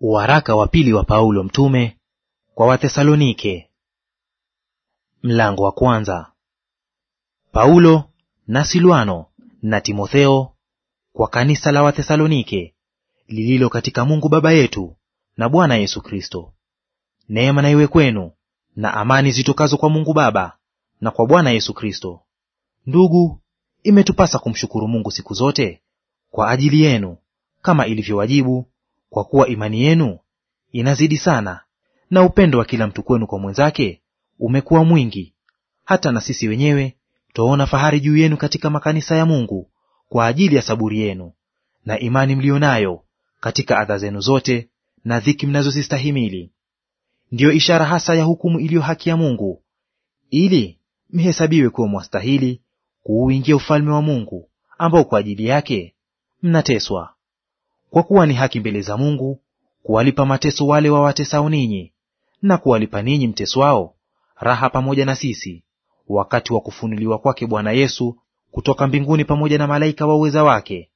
Waraka wa pili wa Paulo mtume kwa Wathesalonike, mlango wa kwanza. Paulo na Silwano na Timotheo, kwa kanisa la Wathesalonike lililo katika Mungu Baba yetu na Bwana Yesu Kristo. Neema na iwe kwenu na amani zitokazo kwa Mungu Baba na kwa Bwana Yesu Kristo. Ndugu, imetupasa kumshukuru Mungu siku zote kwa ajili yenu, kama ilivyowajibu kwa kuwa imani yenu inazidi sana, na upendo wa kila mtu kwenu kwa mwenzake umekuwa mwingi, hata na sisi wenyewe twaona fahari juu yenu katika makanisa ya Mungu kwa ajili ya saburi yenu na imani mliyo nayo katika adha zenu zote na dhiki mnazozistahimili. Ndiyo ishara hasa ya hukumu iliyo haki ya Mungu, ili mhesabiwe kuwa mwastahili kuuingia ufalme wa Mungu, ambao kwa ajili yake mnateswa. Kwa kuwa ni haki mbele za Mungu kuwalipa mateso wale wawatesao ninyi, na kuwalipa ninyi mteswao raha pamoja na sisi, wakati wa kufunuliwa kwake Bwana Yesu kutoka mbinguni pamoja na malaika wa uweza wake,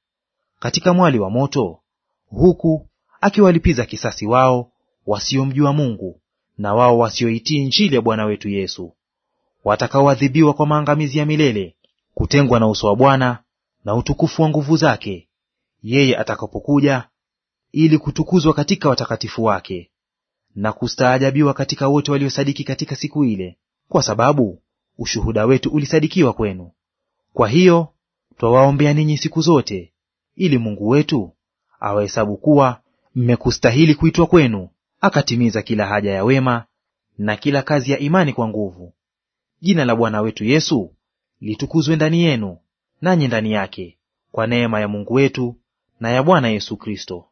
katika mwali wa moto, huku akiwalipiza kisasi wao wasiomjua Mungu na wao wasioitii Injili ya Bwana wetu Yesu, watakaoadhibiwa kwa maangamizi ya milele, kutengwa na uso wa Bwana na utukufu wa nguvu zake, yeye atakapokuja ili kutukuzwa katika watakatifu wake na kustaajabiwa katika wote waliosadiki katika siku ile, kwa sababu ushuhuda wetu ulisadikiwa kwenu. Kwa hiyo twawaombea ninyi siku zote, ili Mungu wetu awahesabu kuwa mmekustahili kuitwa kwenu, akatimiza kila haja ya wema na kila kazi ya imani kwa nguvu. Jina la Bwana wetu Yesu litukuzwe ndani yenu, nanyi ndani yake, kwa neema ya Mungu wetu na ya Bwana Yesu Kristo.